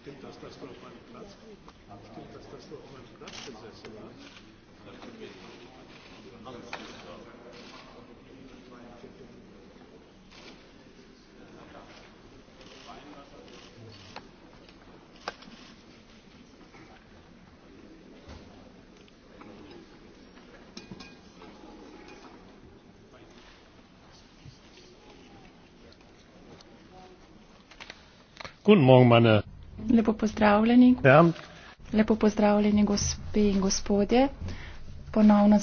stimmt das, dass du auf meinem Platz, stimmt das, dass du auf meinem Platz gesessen hast? Guten Morgen, meine Lepo pozdravljeni. Ja. Lepo pozdravljeni, gospe in gospodje. Ponovno